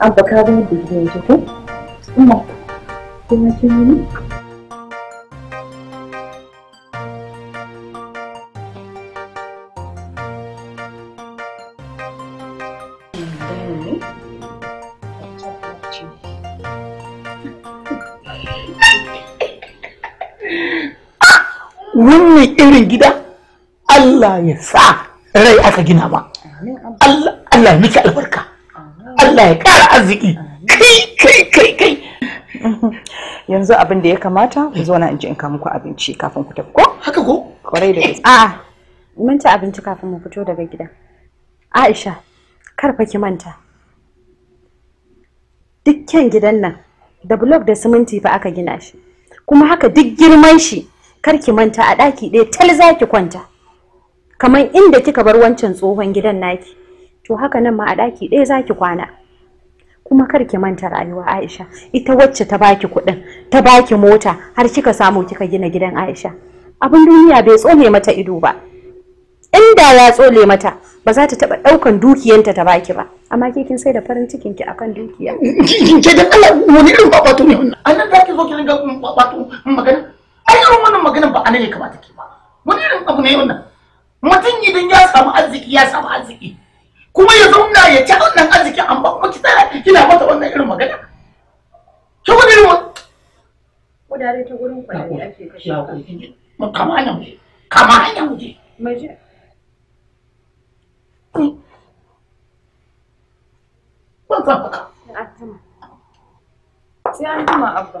abba ka irin gida Allah ya sa rai aka gina ma Allah ya miki albarka Allah ya ƙara arziki kai kai kai kai yanzu abin da ya kamata ku zo na in ji in ka muku abinci kafin ku tafi ko haka ko kwarai da eh. gaske a'a ah, mun ci abinci kafin mu fito daga gida Aisha kar fa ki manta dukkan gidan nan da blok da siminti fa aka gina shi kuma haka duk girman shi kar ki manta a ɗaki ɗaya tal za ki kwanta kamar inda kika bar wancan tsohon gidan naki to haka nan ma a ɗaki ɗaya zaki kwana kuma kar ki manta rayuwa Aisha ita wacce ta baki kuɗin ta baki mota har kika samu kika gina gidan Aisha abin duniya bai tsole mata ido ba inda ya tsole mata ba za ta taɓa ɗaukan dukiyanta ta baki ba amma ke kin sai da farin cikin ki akan dukiya ke da Allah wani irin babato ne wannan annan da ki zo ki ringa babato magana ai irin wannan magana ba anan ya kamata ki ba wani irin abu ne wannan mutum idan ya samu arziki ya samu arziki kuma ya zauna ya ci wannan arziki an ba kuma ki tsaya kina mata wannan irin magana ki gudu ne wannan kudare ta gurin kwalli ake kashe ka kama hanya muje kama hanya muje muje ban san haka sai an tuma abba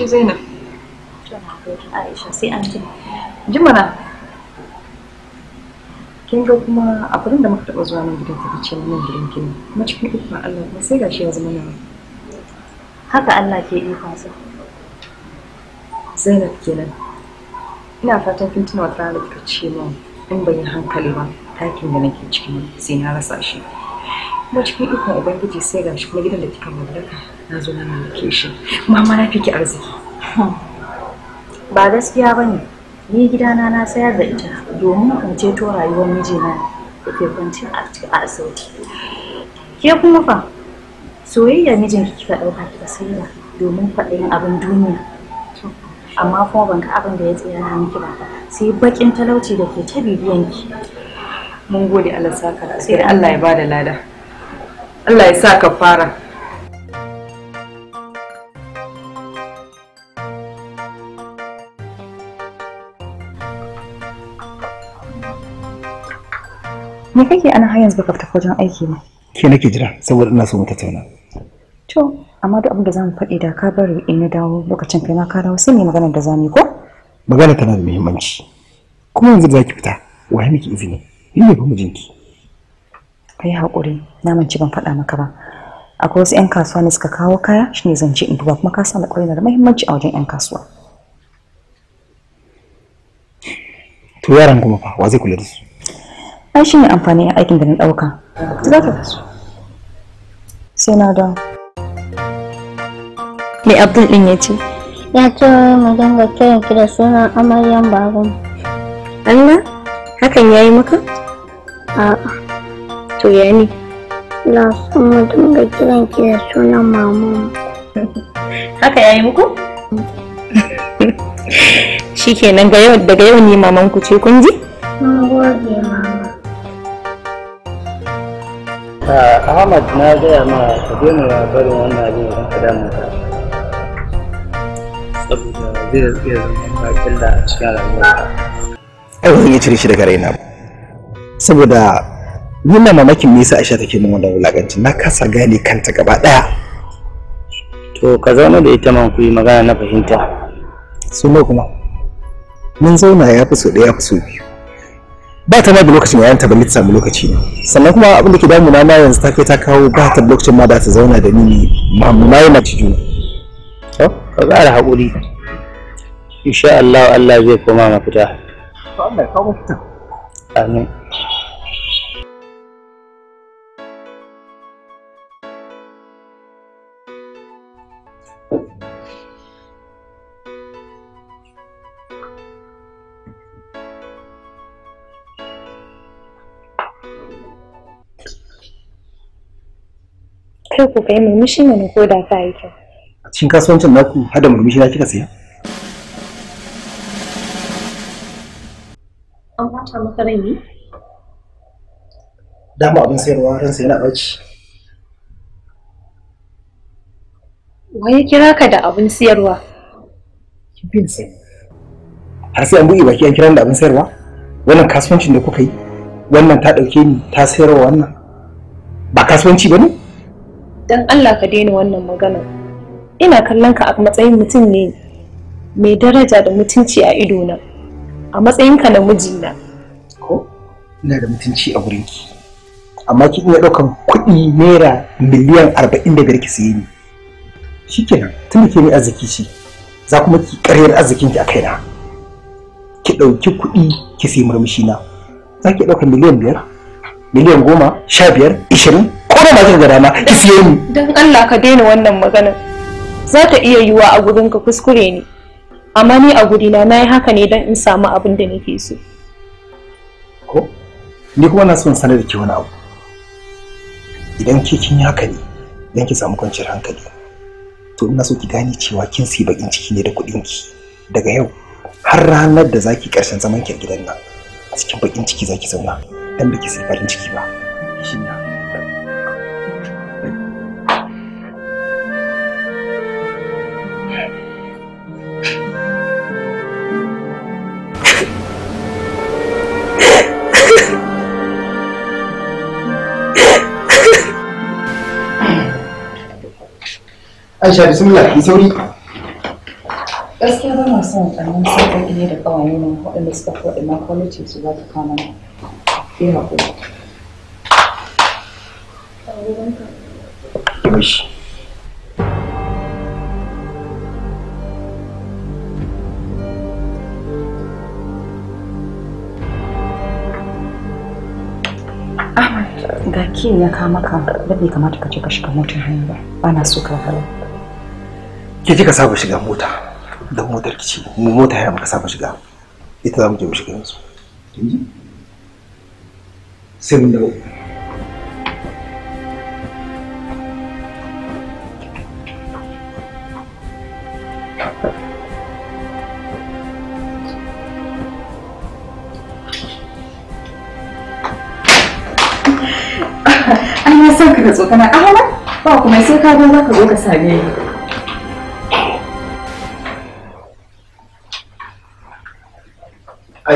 shi zainab aisha sai an ji jimana kin ga kuma a kullum da muka taɓa zuwa nan gidan tafi ce nan gidan kin kuma cikin ikon Allah kuma sai gashi ya zama nawa haka Allah ke ikon sa Zainab kenan ina fatan kin tuna wata rana kika ce min in ban yi hankali ba takin da nake cikin sai na rasa shi kuma cikin ikon ubangiji sai gashi kuma gidan da kika mallaka na zo na nake shi mama na fiki arziki ba gaskiya bane ni gidana na sayar da ita domin in ceto rayuwar mijina da ke kwanci a asibiti ke kuma fa soyayya mijinki kika ɗauka kika sayar domin faɗin abin duniya amma kuma ban ka abin da ya tsaya na miki ba sai bakin talauci da ke ta bibiyanki mun gode Allah saka sai Allah ya bada lada Allah ya sa ka fara me kake ana har yanzu baka fita wajen aiki ba ke nake jira saboda ina so mu tattauna to amma duk abin da zamu faɗi da ka bari in ya dawo lokacin kai ma ka dawo sai ne maganar da zamu yi ko magana tana da muhimmanci kuma yanzu ki fita waye miki izini ni ne fa mijinki kai hakuri na mance ban faɗa maka ba akwai wasu 'yan kasuwa ne suka kawo kaya shi zan zance in duba kuma ka san alƙawari na da muhimmanci a wajen 'yan kasuwa to yaran kuma fa wa zai kula da su ai shi ne amfani aikin da na ɗauka za ka kasu sai na dawo mai abdul ɗin ya ce ya ce mu dinga kiran ki da sunan amaryan babu. Allah hakan ya yi maka a'a to ya ne na son mu ga kiran ki da sunan mamu? haka ya yi muku shikenan daga yau ne mamanku ce kun ji mun gode ma Ahmad na gaya ma ka daina barin wannan abin da ka damu ka. Saboda zai iya zama da a cikin rayuwa Ai wani cire shi daga raina. Saboda wannan mamakin me yasa Aisha take min wannan wulakanci na kasa gane kanta gaba daya. To ka zauna da ita man ku yi magana na fahimta. Su kuma. Mun zauna ya fi so ɗaya ya fi so biyu. ba ta ma da lokacin yayan ta balle ta samu lokaci ne sannan kuma abin da ke damu na yanzu ta kai ta kawo ba ta lokacin ma da ta zauna da ni ma mu na yi ciki to ka ƙara hakuri. insha Allah Allah zai koma mafita to Allah ya kawo amin kai ku kai murmushi ne ko da ka yi kyau a cikin kasuwancin naku hada murmushi na kika siya an bata maka rai ne dama abin sayarwa ransa yana ɓaci wai kira ka da abin sayarwa? bin sai har sai an buɗe baki an kiran da abin sayarwa wannan kasuwancin da kuka yi wannan ta ɗauke ni ta sayarwa wannan ba kasuwanci ba ne dan Allah ka daina wannan magana, ina kallon ka a matsayin mutum ne mai daraja da mutunci a idona a matsayin ka na mijina ko ina da mutunci a ki. amma ki iya daukan kuɗi naira miliyan arba'in da biyar ki siye ni shikenan tunda ke mai arziki ce za kuma ki arzikin arzikinki a kaina ki ɗauki kuɗi ki siye murmushi na za ki ɗauka miliyan biyar miliyan goma sha biyar ishirin kuma ma kika ga dama ki ni dan Allah ka daina wannan maganar za ta iya yiwa a gurin ka kuskure ne amma ni a guri na nayi haka ne don in samu abin da nake so ko ni kuma na son sanar da ke wani abu idan ke kin yi haka ne don ki samu kwanciyar hankali to ina so ki gane cewa kin siyi bakin ciki ne da kuɗin ki daga yau har ranar da zaki karshen zaman ki a gidan nan a cikin bakin ciki zaki zauna dan baki sai farin ciki ba shi Aisha bismillah ki sauri. Gaskiya ba na son wannan sauƙaƙi ne da ƙawaye na waɗanda suka faɗi na kwaliti su za ta kama na. Ki haƙuri. Mishi. ga ya kama ka ba bai kamata ka je ka shiga motar hanya ba ba na so ka ki kika saba shiga mota da motar ki ce mu mota ya muka saba shiga ita za mu je mu shiga yanzu sai mun dawo Ai na son ka da tsokana, Ahmad ba kuma sai ka zo za ka zo ka same ni.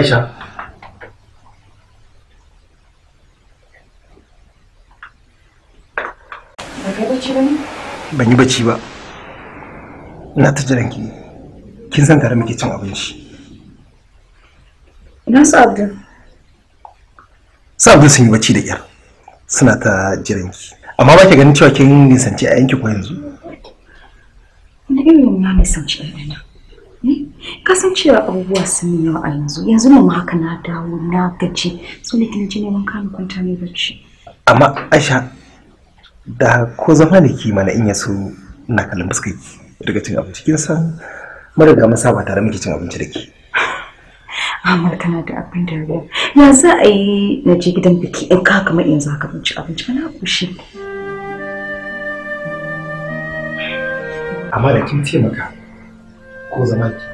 Aisha ban yi bacci ba na ta jiran ki kin san tare muke cin abinci ina su abdul su abdul sun yi bacci da kyar suna ta jiran ki amma ba ki ganin cewa kin nisanci a yanki ko yanzu na irin na nisanci a yana kasancewa abubuwa sun yi yawa a yanzu yanzu mu haka na dawo na gaji so ne kin ji neman ni kwanta ne bacci amma aisha da ko zama da ki mana in ya so na kallon fuskar ki daga cin abinci kin san mara da masa ba tare miki cin abinci da ki amma kana da abin da ya ya za a yi na je gidan biki in ka kama yanzu haka ka binci abinci kana kushi amma da kin taimaka ko zama ki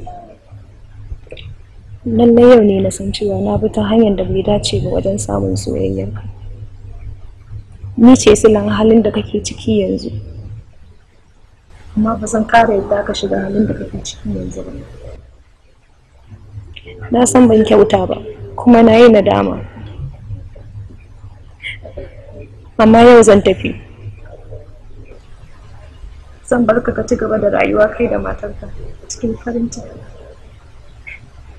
lallai yau ne na san cewa na bi ta hanyar da bai dace ba wajen samun soyayyarka ni ce silan halin da kake ciki yanzu amma ba zan kare yadda ka shiga halin da kake ciki yanzu ba na san ban kyauta ba kuma na yi nadama amma yau zan tafi zan barka ka ci gaba da rayuwa kai da matarka cikin farin ciki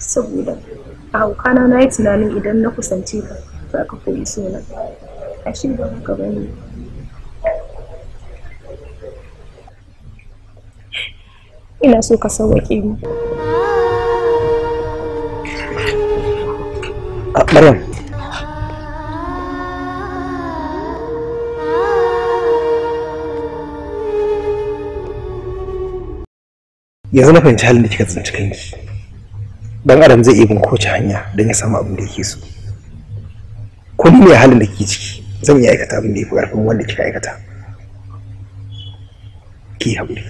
saboda a haukana na yi tunanin idan na kusance ka za ka koyi suna a shi ba haka ba ne ina so ka sauwaƙe ni. Maryam, yanzu na fahimci halin da kika tsinci kanki dan adam zai iya bin kowace hanya don ya samu abin da yake so ko ni ne halin da kike ciki zan iya aikata abin da ya fi ƙarfin wanda kika aikata ki haƙuri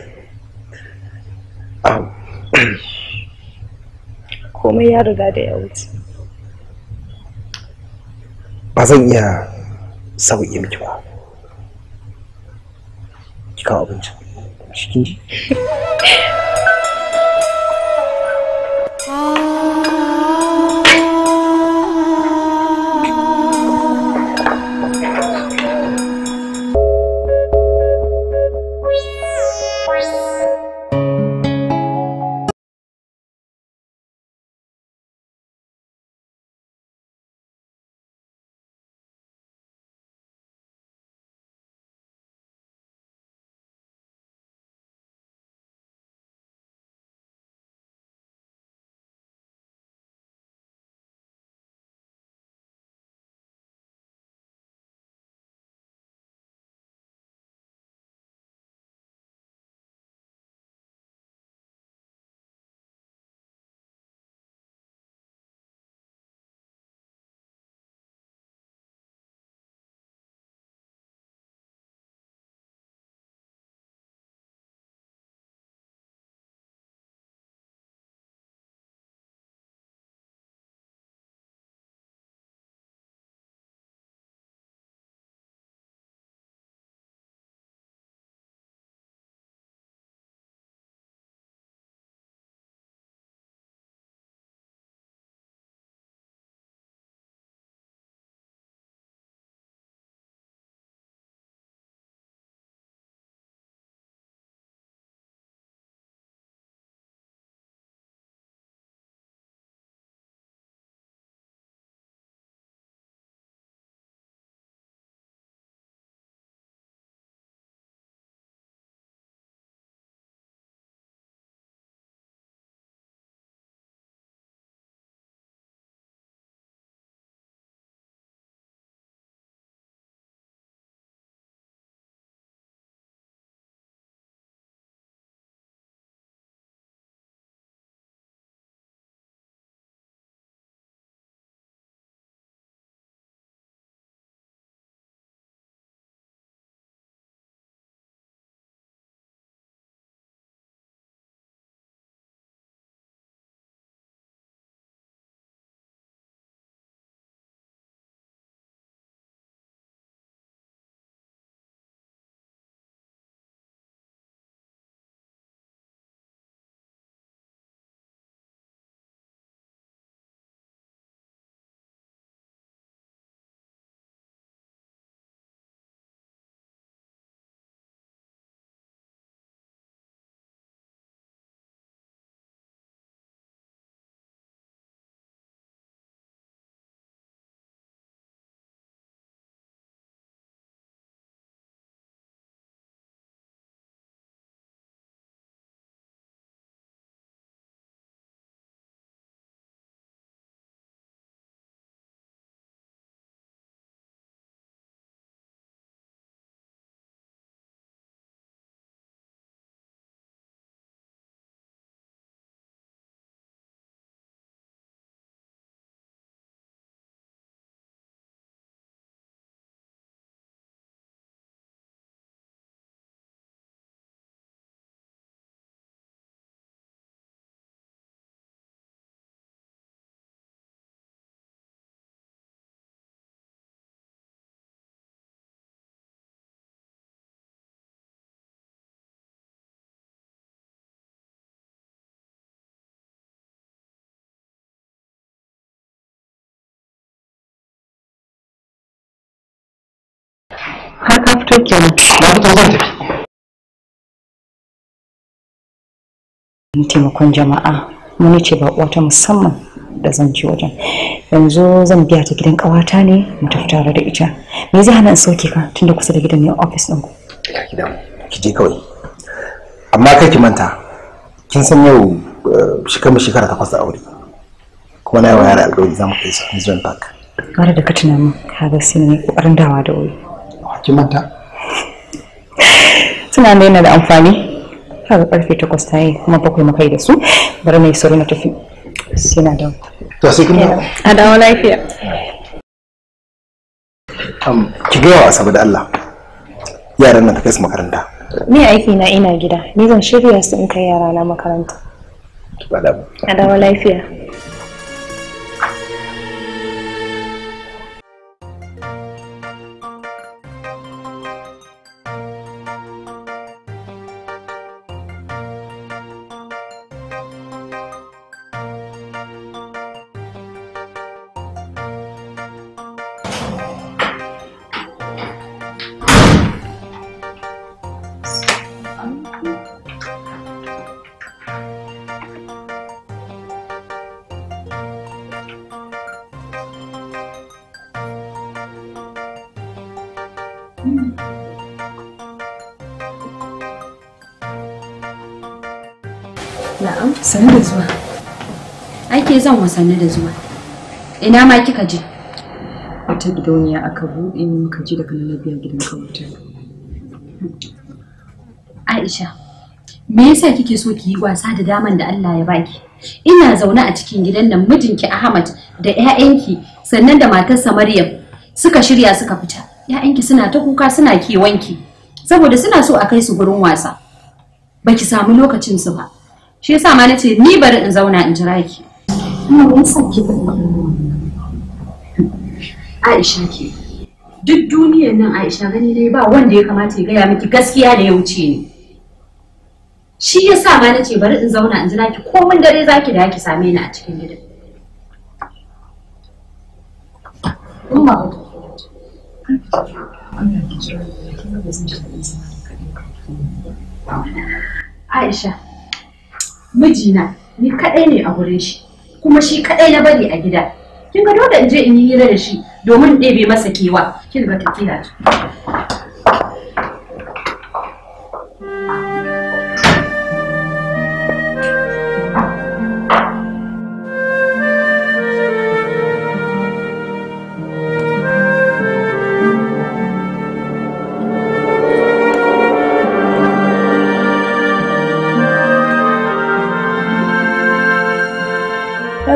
komai ya riga da ya wuce ba zan iya sauƙi miki ba ki kawo abincin cikin ji Oh. kai kenan na fita zan tafi taimakon jama'a wani ce ba ta musamman da zan ci wajen yanzu zan biya ta gidan kawata ne mu tafi tare da ita me zai hana in sauke ka tunda kusa da gidan ne office din ku ki je kawai amma kai ki manta kin san yau eh, shekara shekara takwas da aure kuma na yawa yara alƙawari za mu kai su Park. Kare da ka tunanin ka ga sai ne ƙoƙarin dawa da wuri. Kin manta? suna da da amfani har karfe takwas ta yi kuma bakwai makai da su bari mai sauri na tafi sai na dawo to sai kuma a dawo lafiya ki ga wa asabe da Allah yaran nan ta kai su makaranta ni aiki na ina gida ni zan shirya su in kai yara na makaranta a dawo lafiya Sannu da zuwa. Ake zan wa da zuwa. Ina ma kika je? Wata gidauniya aka buɗe muka ji daga nan biya gidan kawuta. Aisha, me yasa kike so ki yi wasa da daman da Allah ya baki? Ina zaune a cikin gidan nan mijinki Ahmad da 'ya'yanki sannan da matarsa Maryam suka shirya suka fita. 'Ya'yanki suna ta kuka suna kewanki saboda suna so a kai su gurin wasa. Baki samu lokacin su ba. shi yasa ma nace ni bari in zauna in jira ki amma me yasa ki Aisha ke duk duniyar nan Aisha gani dai ba wanda ya kamata ya gaya miki gaskiya da ya wuce ni shi yasa ma nace bari in zauna in jira ki ko mun dare zaki da ki same ni a cikin gidan Umma Aisha mijina ni kaɗai ne a gurin shi kuma shi kaɗai na bari a gida kin ga dole in je in yi hira da shi domin ɗebe masa kewa kin ga ta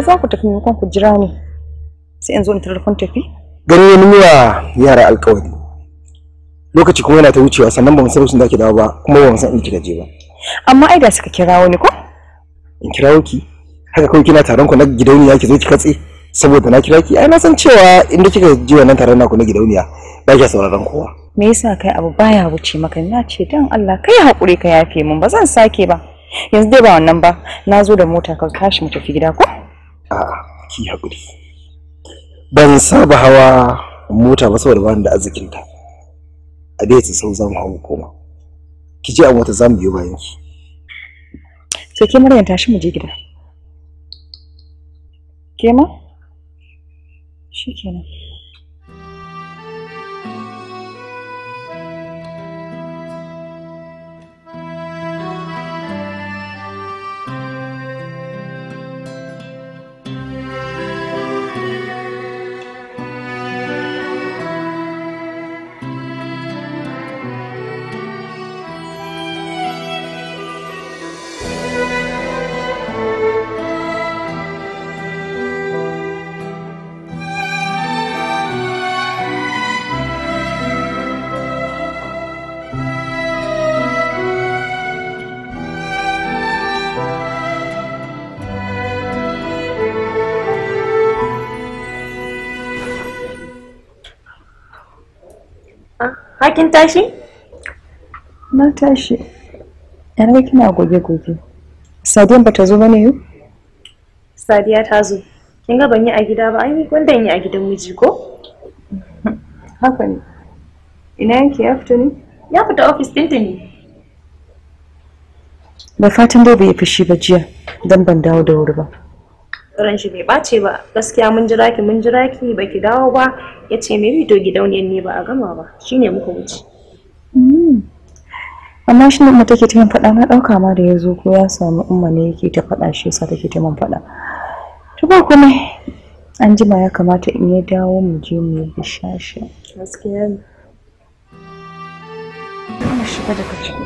za ku tafi maimakon ku jira ni sai in zo in tafi gani ne muwa, yara alƙawari. lokaci kuma yana ta wucewa sannan ba mu san sun da ke dawo ba kuma ba mu san in kika je ba amma ai da suka kirawo wani, ko in kirawo ki haka kawai kina taron ku na gidauniya ki zo ki katse saboda na kira ki ai na san cewa inda kika ji wannan taron naku na gidauniya ba ki sauraron kowa me yasa kai abu baya wuce maka na ce dan Allah kai hakuri ka yafe mun ba zan sake ba yanzu dai ba wannan ba na zo da mota ka kashi mu tafi gida ko a'a ki haƙuri ban saba hawa mota ba saboda bani da arzikin a dai ta sau zamu koma ki je a mota zamu biyo bayan ki to ke Maryam tashi mu je gida ke ma shikenan kin tashi? Na tashi. Yana kina goge-goge. Sadiya ba ta zo ba ne yau? Sadiya ta zo. Kin ga ban yi a gida ba, ai wanda yi a gidan miji ko? Haka ne. Ina yanki ya fita ne? Ya fita ofis ɗin ta ne. Da fatan dai bai fushi ba jiya, don ban dawo da wuri ba. ran shi bai bace ba gaskiya mun jira ki mun jira ki ba ki dawo ba yace ce bi to gidauniyar ne ba a gama ba shine muka wuce hmm. amma shi mu take ta faɗa na ɗauka ma da ya zo ko ya samu umma ne yake ta faɗa shi yasa take ta man faɗa to ba kuma an ma ya kamata in ya dawo mu je mu yi shashi gaskiya ne shiga daga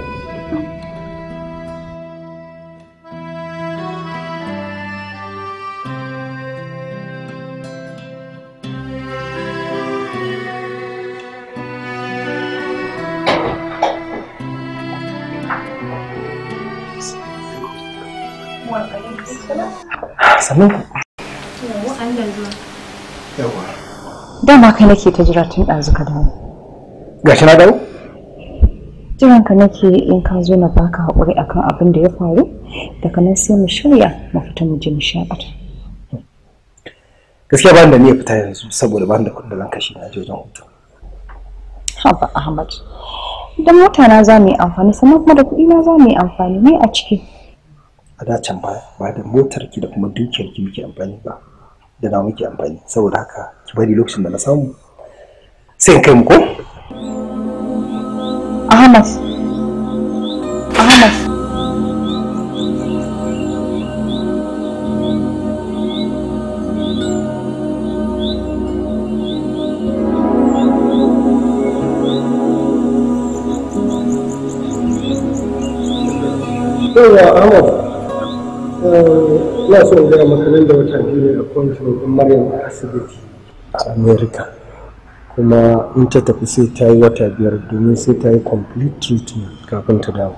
sannan ku yawa dama kai nake ta jira tun ɗazu ka dawo gashi na dawo jiran ka nake in ka zo na baka haƙuri akan abin da ya faru daga nan sai mu shirya mu fita mu je mu shaƙata gaskiya ba ni da niyyar fita yanzu saboda ba ni da kudin zan kashe na je wajen hutu haba ahmad idan mutana za mu yi amfani sannan kuma da kuɗi na za mu yi amfani ne a ciki a dacen ba ba da motar ki da kuma dukiyar ki muke amfani ba da na muke amfani saboda haka ki bari lokacin da na samu sai kai mu ko Ahmad Ahmad Yawa Ahmad ina so in gaya maka nan da wata biyu ne a kwanto ɗin maryam a asibiti a america kuma in ta tafi sai ta yi wata biyar domin sai ta yi complete treatment kafin ta dawo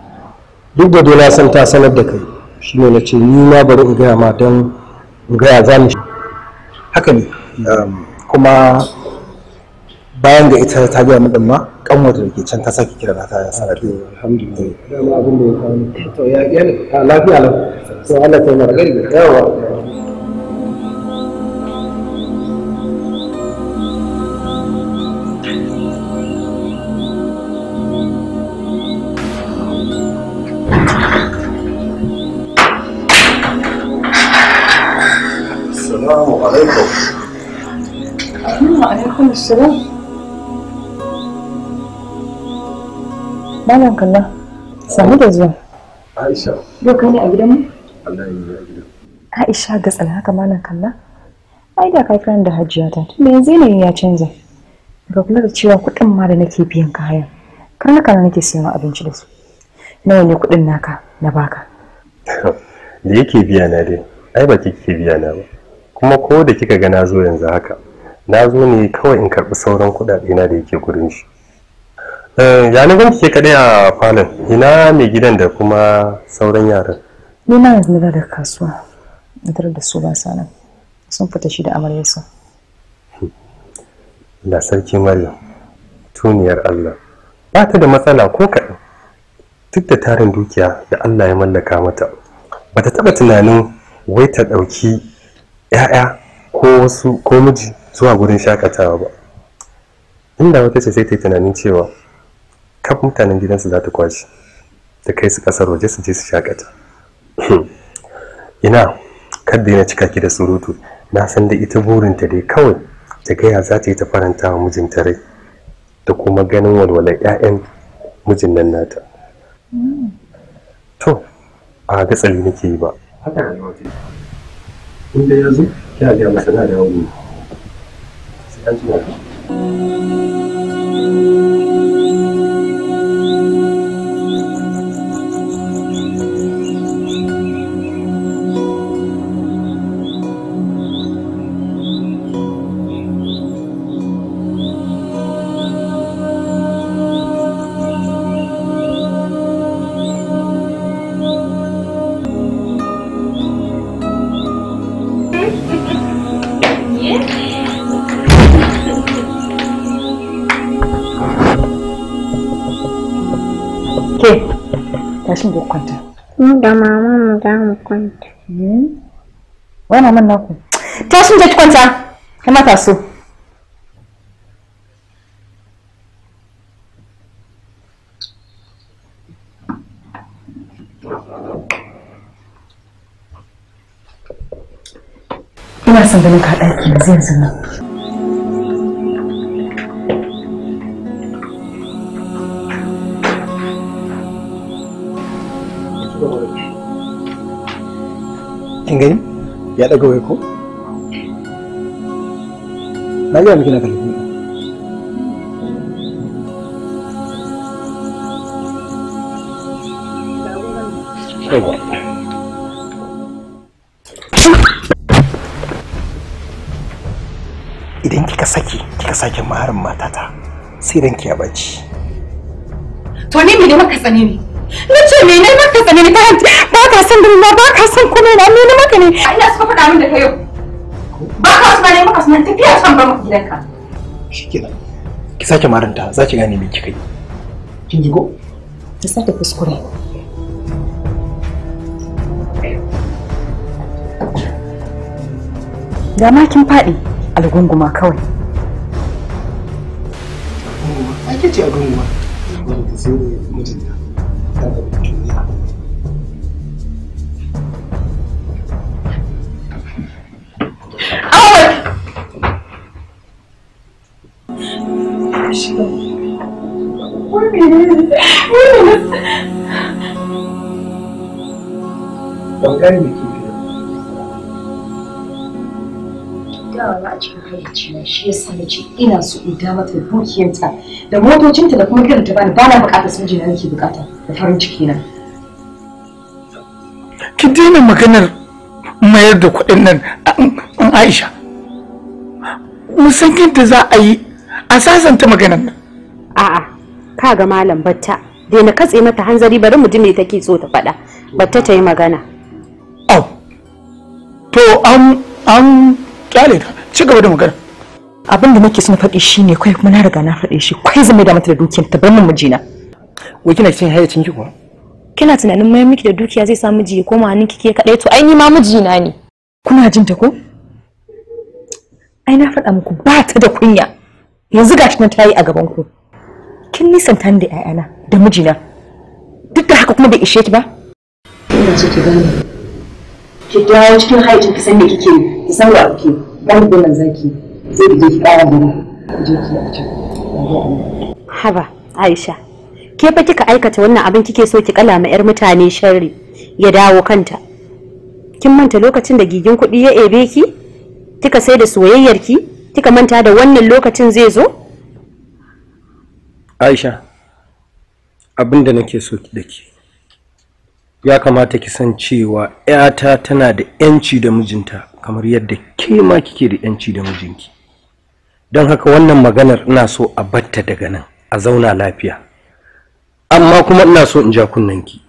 duk da dai na san ta sanar da kai shi ne na ce ni ma bari in gaya ma don in gaya za mu haka ne um, kuma bayan ga ita ta gaya min ma kanwar da ke can ta saki kira na ta ya ah, sa Malam kalla, sami da zuwa. Aisha. Yau kai ne a mu? Allah ya yi a gidan. Aisha ga tsala haka malam kalla. Ai da kai kiran da hajiya ta tunda yanzu yanayin ya canza. Ga kula da cewa kuɗin ma da nake biyan kayan. kar na nake siyan abinci da su. Nawa ne kuɗin naka na baka? Da yake biya na dai, ai ba kike biya na ba. Kuma ko da kika ga na zo yanzu haka, na zo ne kawai in karɓi sauran kuɗaɗe na da yake gurin shi. Eh, ya na ke kaɗai a falon ina mai gidan da kuma sauran yaran ni na yanzu da da kasuwa idar da su ba sanan sun fita shi da amaryarsa hmm. da sarki maryam tuniyar allah ba ta da matsala ko kaɗan duk da tarin dukiya da allah ya mallaka mata ba ta taɓa tunanin wai ta ɗauki 'ya'ya ko wasu ko miji zuwa gurin shakatawa ba inda wata ce sai ta yi tunanin cewa kaf mutanen gidansu za ta kwashe ta kai su kasar waje su je su shakata ina kadda yana cika ki da surutu na san da ita burinta dai kawai ta gaya za ta yi ta faranta wa mijinta rai da kuma ganin walwalar 'ya'yan mijin nan nata to a ga tsari nake yi ba haka ne inda ya ga masana da sai an Ke, tashin ku kwanta. mun da mama mu da mu kwanta. wa hmm? Wai maman naku. Tashin ki kwanta. Kama ta so. Ina son ganin ka ɗaki yanzu yanzu nan. gani ya daga wai ko na ga miki na kalli Idan kika saki, kika sake maharin matata, sai ranki ya baci. To ni me ne maka tsane ne? na ce mene ba ka tsanani ba ba ka san dama ba ka san kuma na mene maka ne a ina faɗa min da kai ba ka suna bane maka suna tafiya san ba maka gidanka shikenan ki sake maranta za ki gane me kika yi kin ki sake kuskure da ma kin faɗi algunguma kawai ake ce algunguma wanda sai shi ban gane me ke fiye da wani a cikin hayyaci na shi ya sa ce ina so in da mata dukiyarta da motocinta da kuma kiranta bani ba na bukatar sun jina nake bukata da farin ciki na ki daina maganar mayar da kuɗin nan an aisha musan yadda za a yi a sasanta maganan nan a'a ka ga malam batta dai na katse mata hanzari bari mu ji me take so ta faɗa batta ta yi magana au to an an kyale ta ci gaba da magana abin da nake son faɗi shine kai kuma na riga na faɗe shi kai zame da mata da dukiyar ta bar min mijina wai kina cikin hayyacin ki kuwa kina tunanin mai miki da dukiya zai sa miji ya koma hannun kike kadai to ai ni ma mijina ne kuna jin ta ko ai na faɗa muku ba ta da kunya yanzu gashi nan ta yi a gaban ku kin nisanta ni da 'ya'yana da mijina duk da haka kuma bai ishe ki ba ina so ki gane ki dawo cikin haiti ki san me kike ki san wa kike ban gunan zaki sai ki je ki fara gaba je ki a can haba Aisha ke fa kika aikata wannan abin kike so ki kala ma yar mutane sharri ya dawo kanta kin manta lokacin da gigin kuɗi ya ebe ki kika sai da soyayyar ki kika manta da wannan lokacin zai zo aisha abin da nake so da ke ya kamata ki san cewa 'yata tana da 'yanci da mijinta kamar yadda ke ma kike da 'yanci da mijinki don haka wannan maganar ina so a batta daga nan a zauna lafiya amma kuma ina so in ja ki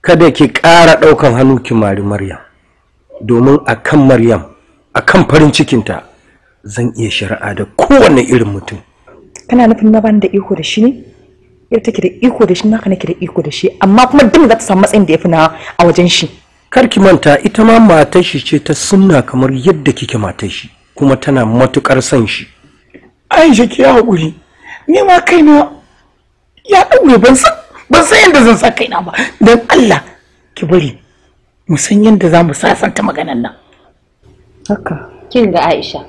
kada ki ƙara ɗaukan hannu ki mari maryam domin a kan maryam a kan farin cikinta zan iya shari'a da kowanne irin mutum kana nufin na bani da iko da shi ne yau take da iko da shi naka nake da iko da shi amma kuma duk za ta samu matsayin da ya fi na a wajen shi kar ki manta ita ma matar shi ce ta sunna kamar yadda kike matar shi kuma tana matukar son shi Aisha ki haƙuri ni ma kaina ya ɗaure ban san ban san yadda zan sa kaina ba don Allah ki bari mu san yadda za mu sasanta maganan nan haka kin ga Aisha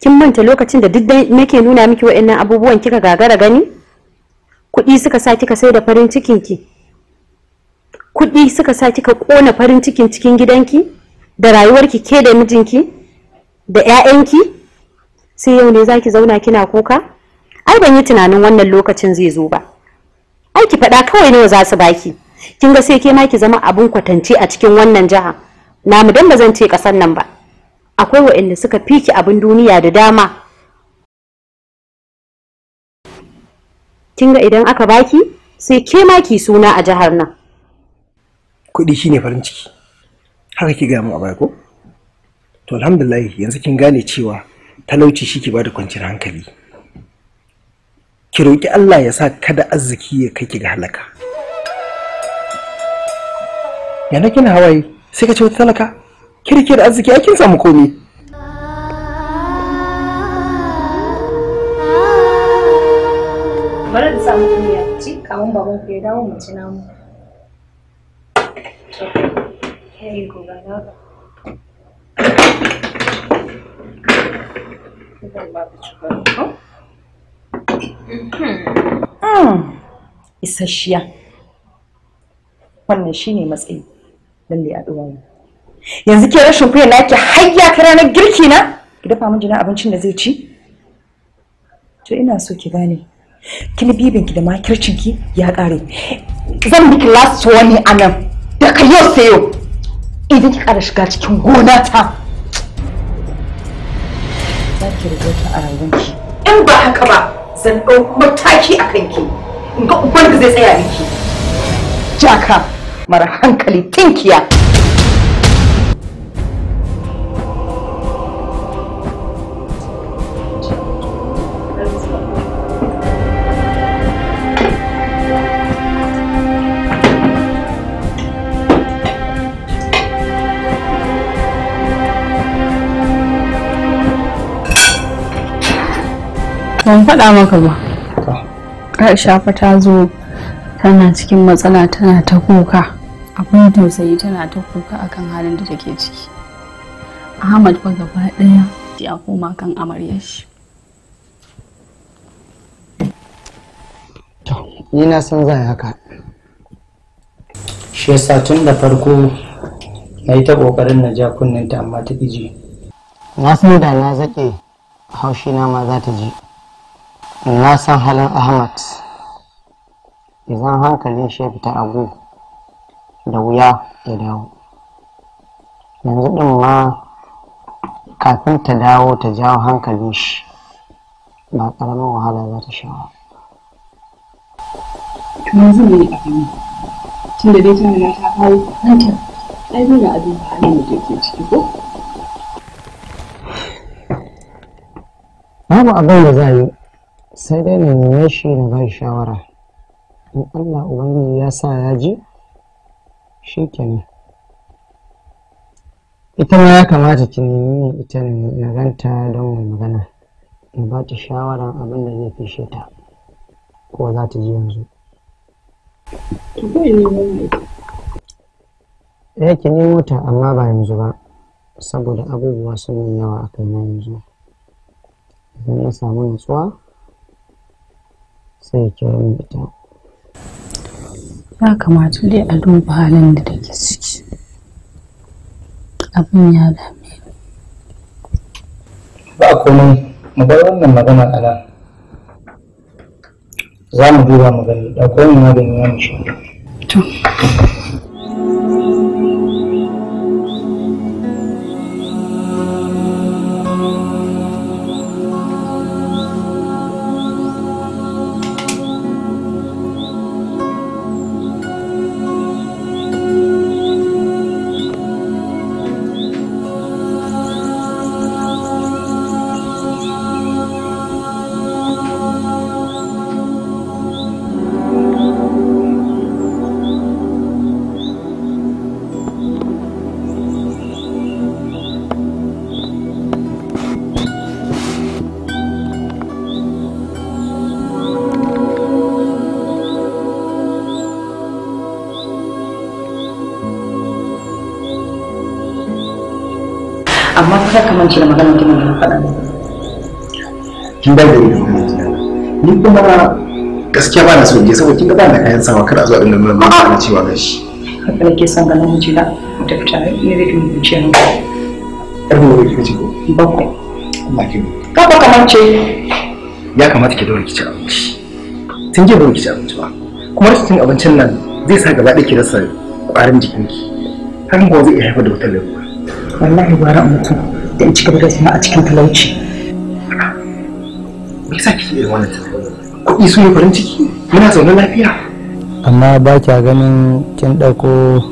kin manta lokacin da duk da nake nuna miki wa'annan abubuwan kika gagara gani kuɗi suka sa kika sai da farin cikin kuɗi suka sa kika ƙona farin cikin cikin gidanki da rayuwarki ke da mijinki da 'ya'yanki sai yau ne zaki zauna kina kuka ai ban yi tunanin wannan lokacin zai zo ba ai ki faɗa kawai nawa za su baki kin ga sai ke ma ki zama abun kwatance a cikin wannan jiha namu dan ba zan ce kasan nan ba akwai waɗanda suka fiki abin duniya da dama kin ga idan aka baki sai ke ma suna a jihar nan kuɗi shine farin ciki haka ki ga mu a bako ko to alhamdulillah yanzu kin gane cewa talauci shi ke bada kwanciyar hankali ki roƙi Allah ya sa kada arziki ya kai ki ga halaka yana kina hawaye sai ka ce wata talaka kirkir arziki ai kin samu komi bari da samu kuliya ci kawun mu mhm. mm. wannan shine matsayi lalle a ɗuwayen yanzu ke rashin kuya naki har ya kai ranar girki na ki dafa min jina abincin da zai ci to ina so ki gane kin bibin ki da makircin ki ya kare zan ki last wani anan Da ka yau sai yau idan ki kara shiga cikin gona ta za ki rubuta a rayuwarki in ba haka ba zan ɗauki mataki a kan ki in ga ubanki zai tsaya miki jaka mara hankali tinkiya ban faɗa maka ba aisha fa ta zo tana cikin matsala tana ta kuka abin tausayi tana ta kuka akan halin da take ciki ahmad ba gaba ɗaya ya koma kan amaryar shi ni na san zan haka shi yasa tun da farko na yi ta ƙoƙarin na ja kunninta amma ta ƙiji na san da na zaƙe haushina ma za ta ji na san halin ahmad idan hankalin shi ya fita abu da wuya ya dawo yanzu ɗin ma kafin ta dawo ta jawo hankalin shi ba ƙaramin wahala za ta sha Tun zai yi abin tun da dai ta nuna ta kawo hanta ai da abin da halin da ke ciki ko babu abin da za yi sai dai na neme shi na bai shawara in allah ubangiji ya sa ya ji shi kenan ita ma ya kamata ki nemi ne ita na ganta don mai magana in ba ta shawarar abin da zai fishe ta ko za ta ji yanzu ya eh, ki nemo ta amma ba yanzu ba saboda abubuwa sun yi yawa a kai yanzu idan na samu nutsuwa sai ki rubuta ya kamata dai a duba halin da take ciki abin ya dame ni ba komai mu bar wannan magana a nan za mu duba mu gani da komai magani ya mu shi to mahimmanci da magana ta mun faɗa kin ba da ni kuma gaskiya ba na so je saboda kin ga ba na kayan sawa kar a zo a dinga nuna mana cewa gashi haka nake son ga miji na da fita ne da tun zuciya ne yar gobe kike ci ko bakwai Allah ki ka ba kamar ce ya kamata ki dora ki ci abinci tun jiya dora ki ci abinci ba kuma rashin abincin nan zai sa gaba ɗaya ki rasa ƙwarin jikinki hakan kuma zai iya haifar da wata lalura wallahi gwara mutum da in ci gaba a cikin talauci me yasa kike irin wannan tunanin kuɗi su ne farin ciki muna zaune lafiya amma ba kya ganin kin ɗauko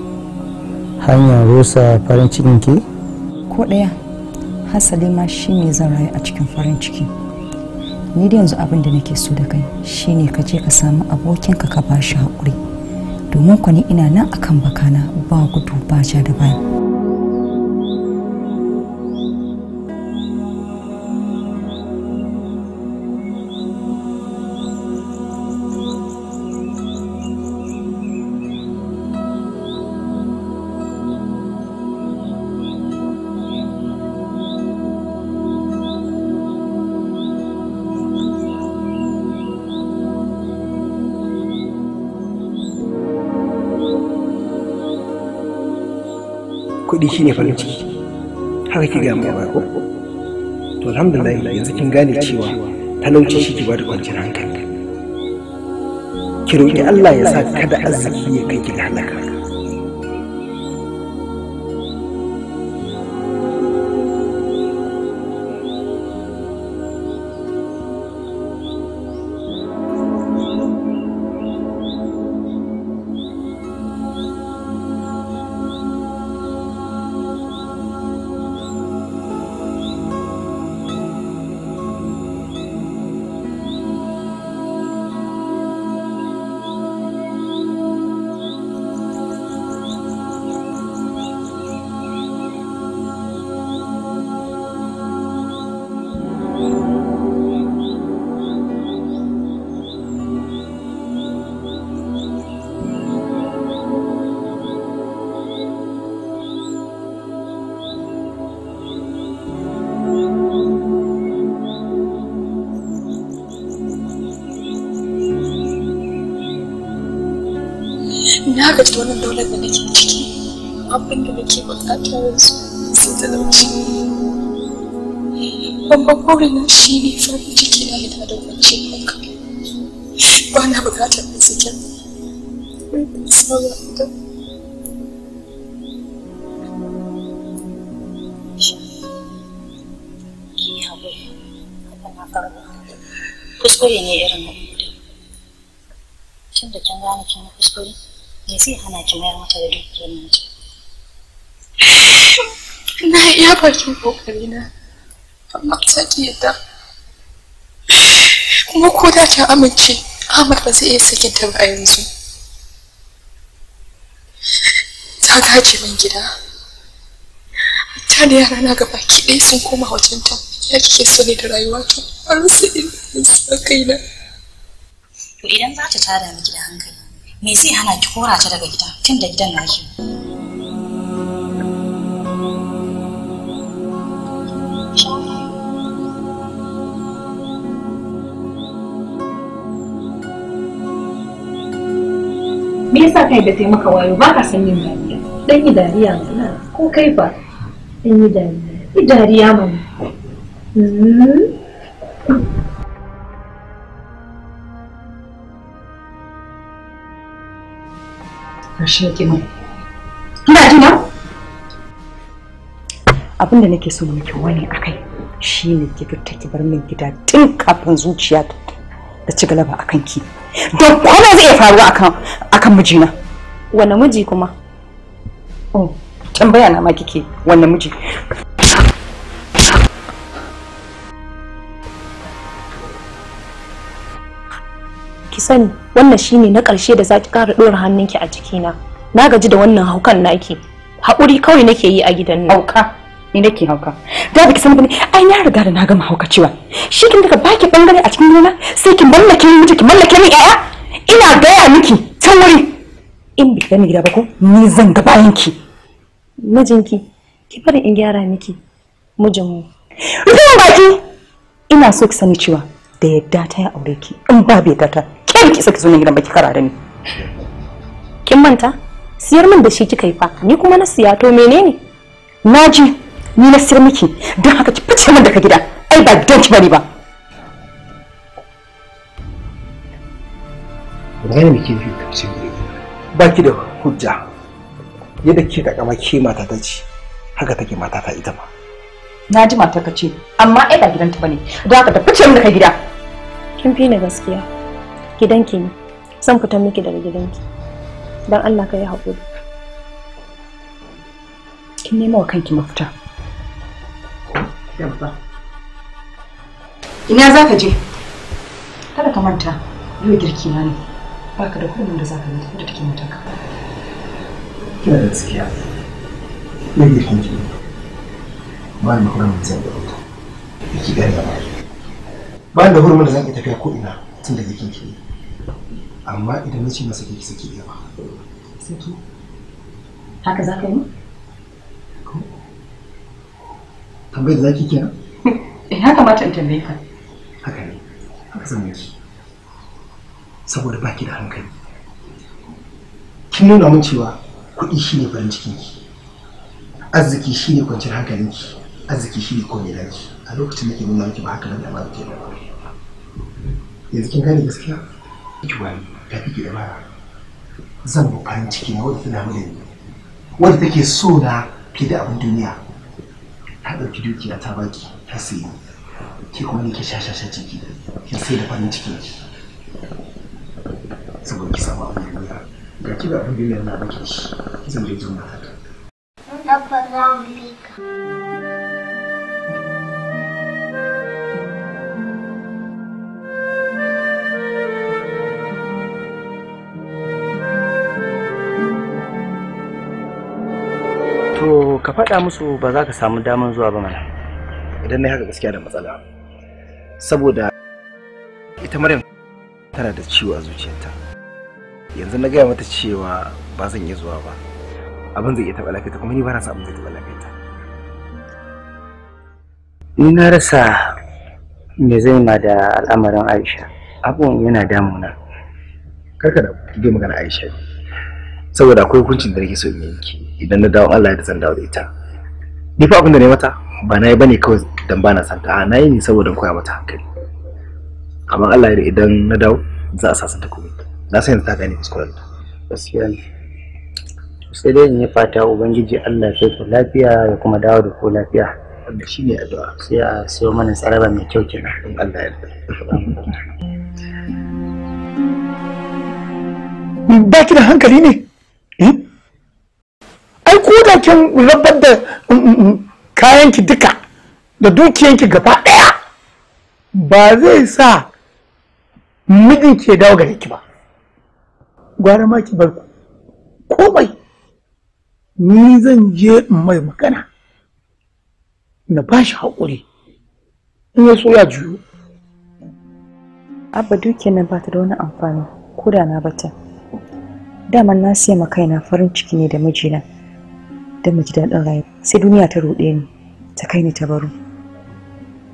hanyar rusa farin cikin ki ko ɗaya hasali ma shi ne zan rayu a cikin farin ciki ni da yanzu abin da nake so da kai shi ne ka je ka samu abokinka ka ba shi haƙuri domin ku ni ina nan akan bakana ba gudu ba ja da baya dai shine farin ciki har ki ga mu ba ko to alhamdulillah yanzu kin gane cewa talauci shi ke ba da kwanciyar hankali ki roƙi Allah ya sa kada arziki ya kai ki halaka babban burina shi ne farin ciki na yana da kwanciyar ba na bukatar arzikin saboda kuskure ne irin abubuwa tun da kin gane kin kuskure ne zai hana ki mayar mata da dukiyar na iya bakin kokari na amma za ki yadda kuma ko da ta amince Ahmad ba zai iya sakin ta ba yanzu ta gaje min gida Ta da yara na gaba ki ɗaya sun koma wajen ta ya kike so ne da rayuwa ta har su ina sa kaina to idan za ta tada miki da hankali me zai hana ki kora ta daga gida tun da gidan naki me yasa kai da taimaka wayo ba ka san yin dariya dan yi dariya mana ko kai fa dan yi dariya yi dariya mana Rashin hmm? kiman. Kina ji na? Abin da nake so miki wani akai shine ki fita ki bar min gida tun kafin zuciya ta ci galaba akan ki. da komai zai iya faruwa akan akan mijina wanne miji kuma oh tambaya na ma kike wanne miji ki sani wannan shine na ƙarshe da zaki ƙara dora hannunki a jikina na gaji da wannan haukan naki haƙuri kawai nake yi a gidan nan hauka ni nake hauka da baki san bane ai na riga da na gama hauka cewa shi kin daga baki bangare a cikin gidana sai ki mallake ni miji mallake ni yaya ina gaya miki can wuri in bi gani gida ba ko ni zan ga bayan ki mijinki ki bari in gyara miki mijin mu rufin baki ina so ki sani cewa da yadda ta ya aure ki in ba bai ta ke ki saki na gidan baki da ni kin manta siyar min da shi kika yi fa ni kuma na siya to menene naji ni na siyar miki don haka ki fice min daga gida ai ba don ki bari ba Rani ne ke fi kace ba ki da hujja yadda ke ka kama ke mata ta ce haka take mata ta ita ma na ji mata ka ce amma ai ba gidanta bane don haka ta fice min daga gida kin fi ni gaskiya gidanki ne san fitan miki daga gidanki don Allah ka yi haƙuri kin nemo wa kanki mafita Yabba. Ina za ka je? Kada ka manta, yau girki na ne. Baka da kuɗin da za ka da take mataka. Kina da gaskiya. Na girkin ki. Ba ni kuma da zan yi wuta. Ki gani ba. Ba ni da hurumin da zan yi tafiya ko ina tun da girkin ki. Amma idan na ce masa ki saki ba. Saki. Haka za ka yi? da zaki kenan eh ya kamata in tambaye ka haka ne haka zan yi saboda baki da hankali kin nuna min cewa kuɗi shine farin cikin ki arziki shine kwanciyar hankalin ki arziki shine komai da ki a lokacin da ke nuna miki ba haka nan da ba ke ba yanzu kin gane gaskiya ki wani ta kike da bara zan ba farin ciki na wani tana mu da ni wadda take so na ke da abin duniya ta ɗauki dukiya ta baki ta sayi ki kuma ne ki shashashe ciki ki sai da farin cikin ki saboda ki samu abin ga ki da abin duniya na baki shi zan je jin mata abba za faɗa musu ba za ka samu damar zuwa ba mana idan na haka gaskiya da matsala saboda ita maryam tana da ciwo a zuciyarta yanzu na gaya mata cewa ba zan iya zuwa ba abin zai iya taɓa lafiyarta kuma ni ba na sa abin zai taɓa lafiyarta ni na rasa me zai ma da al'amarin aisha abun yana damuna karka da bi magana aisha ne saboda akwai hukuncin da nake so in yanke idan na dawo Allah ya zan dawo da ita ni fa abin da ne mata ba na yi bane kawai dan bana san santa a na yi ne saboda koya mata hankali amma Allah ya idan na dawo za a sasanta komai na san yanzu ta gane kuskuren ta gaskiya ne sai dai in yi fata ubangiji Allah ya ku lafiya ya kuma dawo da ku lafiya wanda shine addu'a sai a siyo mana tsaraba mai kyau kenan in Allah ya yarda ba ki da hankali ne Eh? ai ko da kin rabar da mm, mm, mm, kayanki duka da dukiyanki gaba ɗaya ba zai sa mijin ke dawo gare ki ba gwara ma ki bar ku komai ni zan je in mai magana na ba shi haƙuri in ya so ya juyo abba dukiyan nan ba ta da wani amfani ko da na bata dama na siya ma kaina farin ciki ne da mijina da mu ji daɗin rayuwa sai duniya ta ruɗe ni ta kai ni ta baro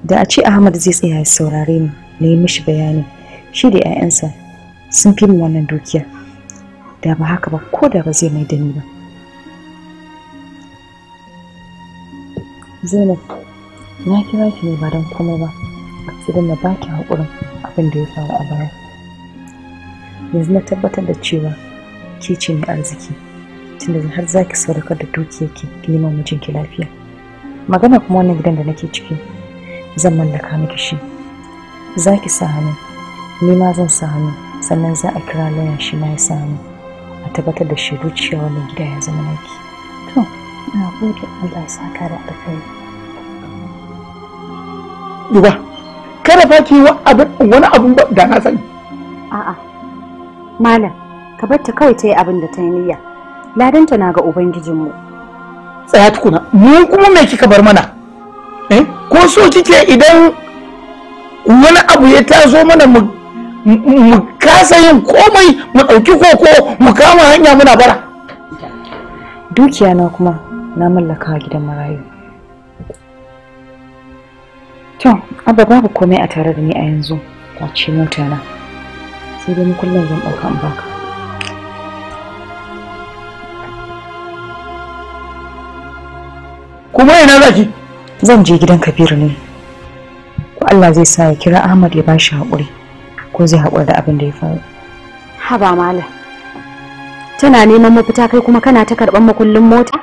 da a ce ahmad zai tsaya ya saurare ni na yi mishi bayani shi da 'ya'yansa sun fi mu wannan dukiya da ba haka ba ko da ba zai mai da ni ba zainab na kira ki ne ba don komai ba sai dan na baki haƙurin abin da ya faru a baya yanzu na tabbatar da cewa ke ce mai arziki tunda har za ki sadaukar da dukiyarki ki nema mijinki lafiya magana kuma wannan gidan da nake ciki zan mallaka miki shi za ki sa hannu ni ma zan sa hannu sannan za a kira lauyan shi ma ya sa hannu a tabbatar da shi, cewa wannan gida ya zama naki to ina gode Allah ya saka da alkhairi duba kada ba ki wani abu da na sani a'a malam ka bar ta kawai ta yi abin da ta yi niyya ladanta na ga ubangijinmu tsaya tukuna mu kuma me kika bar mana eh ko so kike idan wani abu ya taso mana mu kasa yin komai mu ɗauki koko mu kama hanya muna bara dukiya na kuma na mallaka gidan marayu to abba babu komai a tare da ni a yanzu kwace mota na sai dai mu kullum zan ɗauka in baka kuma ina zaki zan je gidan kabiru ne ko Allah zai sa ya kira Ahmad ya bashi haƙuri ko zai haƙura da abin da ya faru haba malam tana neman mafita kai kuma kana ta karɓar makullin mota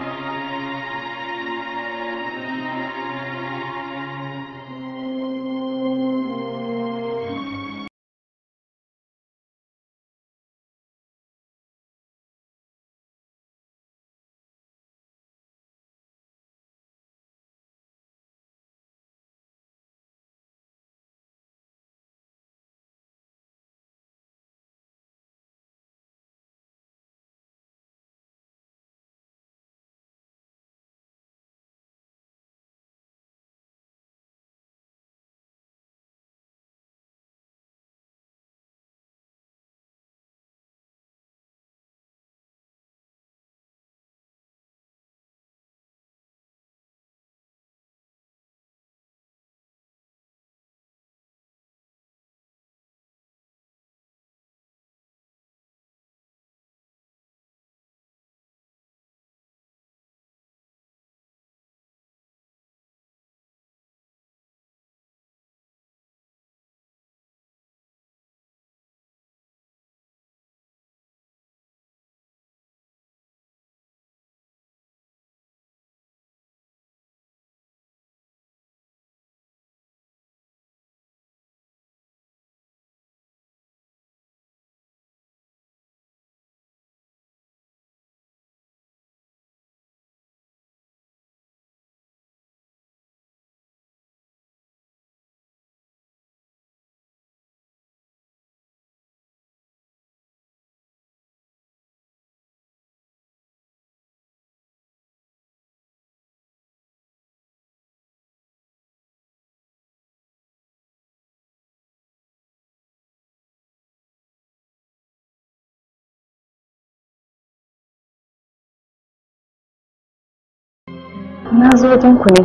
na zo wajen ku ne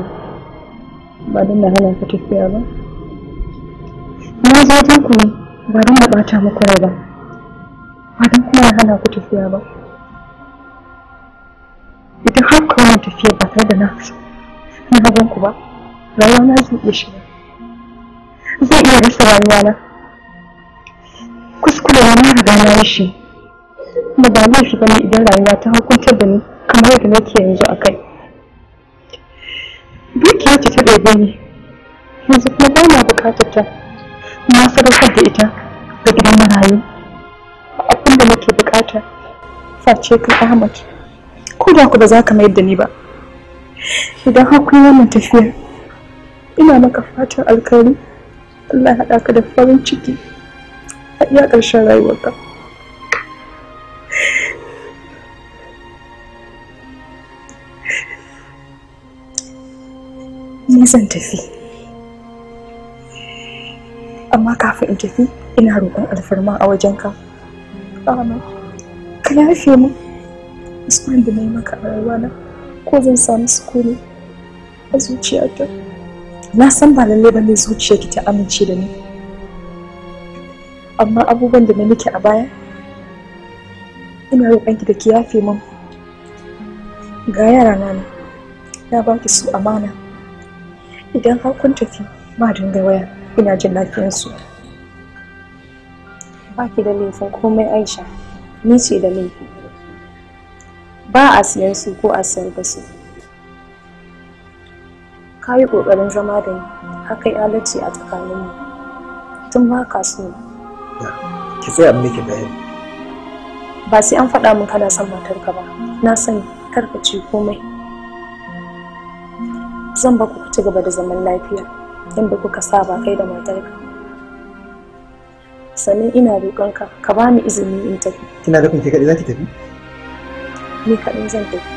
ba don na hana ku tafiya ba na zo wajen ku ne ba don da ɓata muku rai ba ba don kuma hana ku tafiya ba idan har ku wani tafiya ba tare da na na gaban ku ba rayuwa na zai iya shiga zai iya rasa rayuwa na kuskure na riga na yi shi kuma ba laifi ba ne idan rayuwa ta hukuntar da ni kamar yadda nake yanzu a kai dukiya ce ta bebe ne yanzu kuma ba na bukatar ta na sadaukar da ita ga gidan marayu abin da nake bukata face ka ahmad ko da ku ba za ka mayar da ni ba idan har kun tafiya ina maka fatan alkhairi Allah ya haɗa ka da farin ciki a iya ƙarshen rayuwarka ni zan tafi amma kafin in tafi ina roƙon alfarma a wajenka ka yafe mu kuskuren da na yi maka a rayuwana ko zan samu sukuni a zuciyata na san ba lalle ba ne zuciyarki ta amince da ni amma abubuwan da na miki a baya ina roƙonki da ki yafe mun ga yara na na ba ki su amana idan har kun tafi ba waya ina jin lafiyarsu ba ki da laifin komai aisha ni ce da laifi ba a siyan su ko a sayar da su ka yi ƙoƙarin zama da ni haka yi alaci a tsakaninmu tun ba ka so ki tsaya ki bayani ba sai an faɗa min kana son matarka ba na sani ka ce komai zan ba ku ci gaba da zaman lafiya yadda kuka saba kai da matarka sannan ina roƙonka ka ba ni izini in tafi kina da kunki kaɗai za ki tafi ni kaɗai zan tafi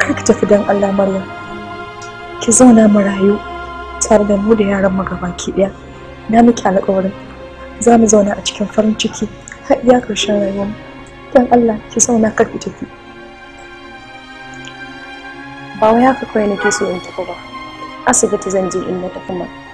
kar ki tafi don Allah Maryam ki zauna mu rayu tare da mu da yaran mu ki ɗaya na miki alƙawarin za mu zauna a cikin farin ciki har iya ƙarshen rayuwa. don Allah ki zauna kar ki tafi ba wai haka kawai nake so in tafi ba asibiti zan je in na tafi ma